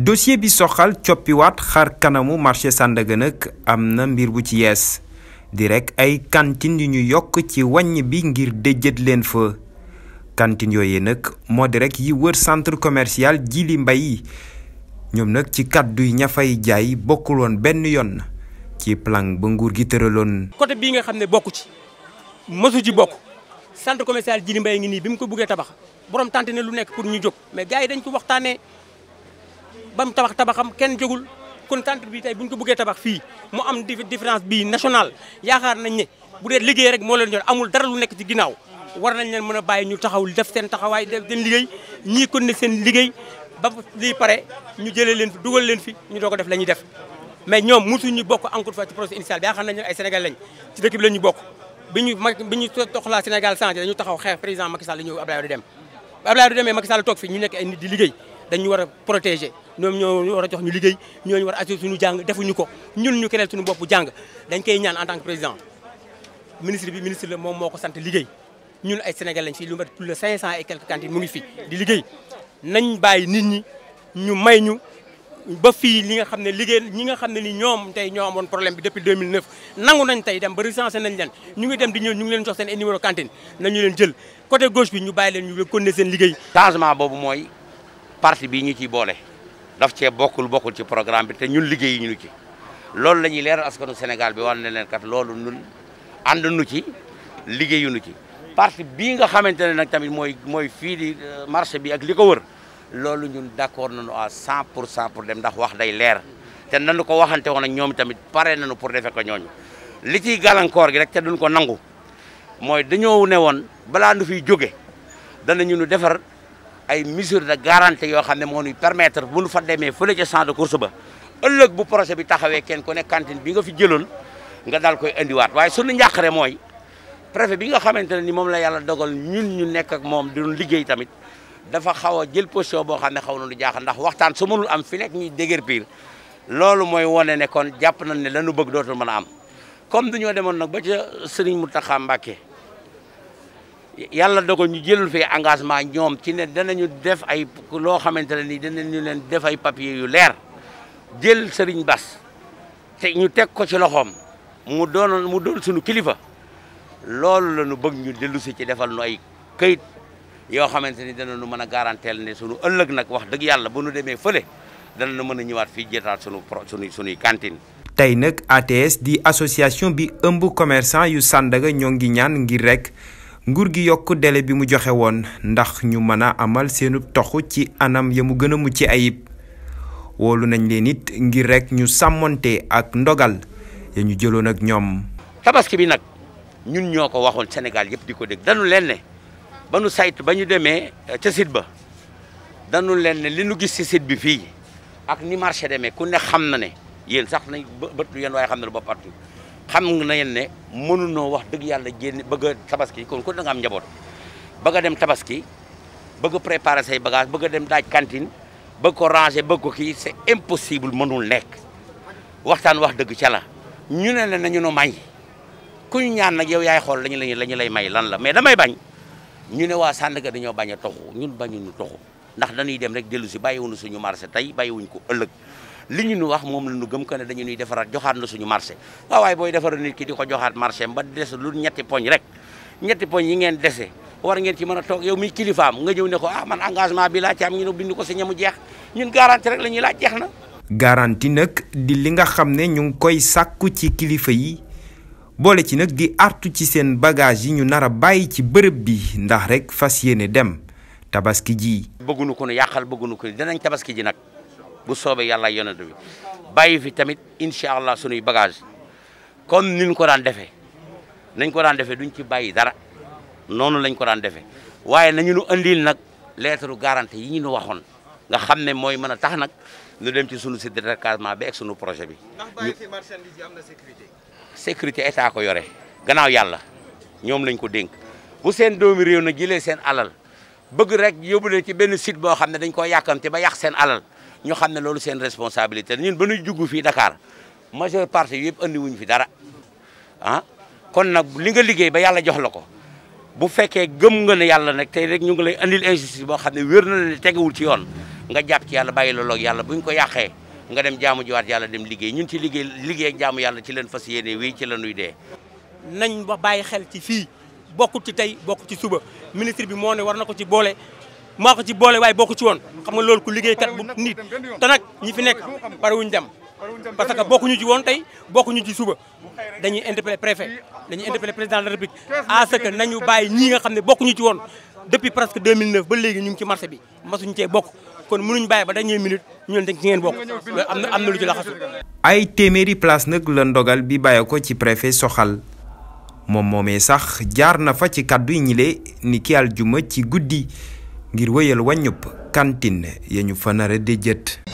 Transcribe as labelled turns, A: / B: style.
A: dossier bi soxal coppiwaat xar kanamu marché Sandaga nag am na mbir bu ci yees di rek ay cantine yu ñu yokk ci wàññ bi ngir déjjët leen fa cantine yooyu nag moo di rek yi wër centre commercial Djily Mbaye ñoom nag ci kàdduy ña fay jaay bokkul woon benn yoon ci plan ba nguur gi tëraloon.
B: côté bii nga xam ne bokku ci mësu ci bokk centre commercial Djily Mbaye ngi nii bi mu ko buggee tabax borom tante ne lu nekk pour ñu jóg mais gars yi dañ ko waxtaanee. bam tabax tabaxam kenn jógul kon centre bi tay buñ ko bëggé tabax fi mu am différence bi national yaakar nañ ne bu dé liggéey rek mo leen ñor amul dara lu nekk ci ginnaw war nañ leen mëna bàyyi ñu taxaw def seen taxaway def seen liggéey ñi kon ne seen liggéey ba li pare ñu jëlé leen fi duggal leen fi ñu doko def lañuy def mais ñom ñoom ñu bokk encore fois ci projet initial bi yaakaar nañ ay Sénégal lañ ci dëkk bi la ñu bokk biñu biñu bi ñu Sénégal changé dañu taxaw xex président Macky Sall ñu Abdoulaye Wade dem Abdoulaye Wade Macky Sall tok fi ñu nekk ay nit di liggéey dañu wara protéger ñoom ñoo war a jox ñu liggéey ñooñu war a assurer suñu jàng defuñu ko ñu ñu keneel suñu bopp jàng dañ koy ñaan en tant que président ministre bi ministre la moom moo ko sant liggéey ñun ay Sénégal lañ fi lu mat plus de 500 et quelques cantines mu ngi fi di liggéey nañ bàyyi nit ñi ñu may ñu ba fii ñu nga xam ne liggéey ñi nga xam ne ni ñoom tey ñoo amoon problème bi depuis 2009 nangu nañ tey dem ba recensé nañ leen ñu ngi dem di ñëw ñu ngi leen jox seen ay numéro
C: cantine nañu leen jël côté gauche ñu bàyyi leen ñu continuer seen liggéey changement boobu mooy parti bi ñu ciy boole daf ci bokul bokul ci programme bi te ñun liggey ñu ci loolu lañuy ñuy askanu senegal bi wone leen kat loolu ñun ànd nu ci ci parti bi nga xamantene nak tamit moy moy fi di euh, marché bi ak liko wër loolu ñun d'accord nañu à 100 pour dem ndax wax day leer te nañu ko waxante woon ak ñoom tamit pare nañu pour défé ko ñooñu li ci galancor gi rek te duñ ko nangu moy dañoo ne bala balaa fi joggé dañ danañu ñu défar ay mesure de garantie yo xam mo ñuy permettre bu ñu fa démé feulé ci centre de course ba ëlëk bu projet bi taxawé kèn ku né cantine bi nga fi jëloon nga dal koy andiwaat waaye sunu njàqare moy préfet bi nga xamante ni mom la yalla dogal ñun ñu nekk ak mom di liggéey tamit dafa xawa jël position bo xamné xawnu xaw na lu jaaxal ndax waxtaan su mënul am fi nek ñuy dégër biir loolu moy wane né kon japp nañ ne lañu bëgg dootul mëna am comme dañoo démon nak ba ci Serigne Mountakha Mbacké yàlla dogal ñu jëlul fi engagement ñoom ci ne danañu def ay loo xamante ne nii danañu leen def ay papier yu leer jël sëriñ Bass te ñu teg ko ci loxoom mu doon mu suñu kilifa loolu la ñu bëgg ñu dellu si ci defal nu ay këyit yoo xamante ni dana danañu mën a garanteel ne sunu ëllëg nag wax dëgg yàlla bu nu demee fële danañu mën a ñëwaat fii jeetaat sunu pro suñuy suñuy
A: tey nag ATS di association bi ëmb commerçant yu Sandaga ñoo ngi ñaan ngi rek nguur gi yokk dele bi mu joxe woon ndax ñu mën a amal seenub toxu ci anam ya mu gën a mucc ayib woolu nañ leen it ngir rek ñu sàmmonte ak ndogal ya ñu jëloon ak ñoom.
C: tabaski bi nag ñun ñoo ko waxoon senegal yëpp di ko dégg dañu leen ne ba nu saytu ba ñu demee eh, ca site ba dañu leen ne li nu gis ci site bi fii ak ni marché demee ku ne xam na ne yéen sax nañ bët lu yéen waaye xam na lu ba partout xam na yen ne mënunoo wax dëgg yàlla génn bëgg tabaski kon ku da nga am njaboot bëgg dem tabaski bëgg a say bagage bëgg a dem daaj cantine bëgg ko ranger bëgg ko kii c'est impossible mënul nekk waxtaan wax dëgg ca la ñu ne ne nañu nu may ku ñu ñaan nag yow yaay xool lañu la ñu lay may lan la mais damay bañ ñu ne waa Sandaga dañoo bañ a toxu ñun bañuñu toxu ndax dañuy dem rek dellu si bàyyiwuñu suñu marché tey bàyyiwuñ ko ëllëg liñu ñu wax moom lañu gëm ko ne dañu ñuy ak joxat lu suñu marché wa way boy défar nit ki diko ko marché ba des lu ñetti poñ rek ñetti poñ yi ngeen dese war ngeen ci mëna tok yow mi kilifaam nga ñëw ne ko ah man engagement bi la ci am ñu ne bind ko si ñamu jeex ñun garantie rek la jeex na.
A: garantie nak di li nga xamne ñu ngi koy sakku ci kilifa yi bolé ci nak di artu ci sen bagage yi ñu nara bayyi ci bërepp bi ndax rek fas dem tabaski ji.
C: bëggunu ko nu yàqal ko dinañ tabaski ji nak bu soobee yàlla yonent bi bàyyi fi tamit incha allah sunuy bagage comme niñ ko daan defee nañ ko daan defee duñ ci bàyyi dara noonu lañ ko daan defee waaye nañu nu andil nag lettre garantie yi ñu nu waxoon nga xam ne mooy mën a tax nag ñu dem ci sunu site de recasement bi sunu projet bi. ndax bàyyi sécurité. sécurité ko yore gannaaw yàlla ñoom lañ ko dénk bu seen doomi réew nag seen alal bëgg rek yóbbu ci benn site boo ne dañ koo yàkkamte ba yàq seen alal. ñu xam ne loolu seen responsabilité ñun ba ñuy jugu fii Dakar majeure partie yëpp andi wuñ fi dara ah kon nag li nga liggéey ba yàlla jox la ko bu fekkee gëm nga ne yàlla nag tey rek ñu ngi lay andil injustice boo xam ne wér na ne tegewul ci yoon nga jàpp ci yàlla bàyyi la loog yàlla buñ ko yàqee nga dem jaamu jiwaat yàlla dem liggéey ñun ci liggéey liggéey ak jaamu yàlla ci leen fas yéene wii ci la nuy dee
B: nañ ba bàyyi xel ci fi bokkut ci tey bokkut ci suba ministre bi moo ne war na ko ci boole moko ci bolé way bokku ci won xam nga lool ku liggéey kat bu nit te nak ñi fi nek pare wuñ dem parce que ñu ci won tay tey ñu ci suba dañuy interpeller préfet dañuy interpeller président de la république à ce que nañu bay ñi nga xamné ne ñu ci won depuis presque 2009 ba légui ñu ngi ci marché bi masuñu ci bokk kon mënuñ bay ba dañuy minute ñun dañ ci ngeen bokk amna amna lu ci laxasu
A: ay téméri place nak la ndogal bi bàyyi ko ci préfet soxal mom momé sax jaar na fa ci kaddu ñilé ni ki aljuma ci guddii ngir wéyal wàññub cantine ya ñu fa nare di jët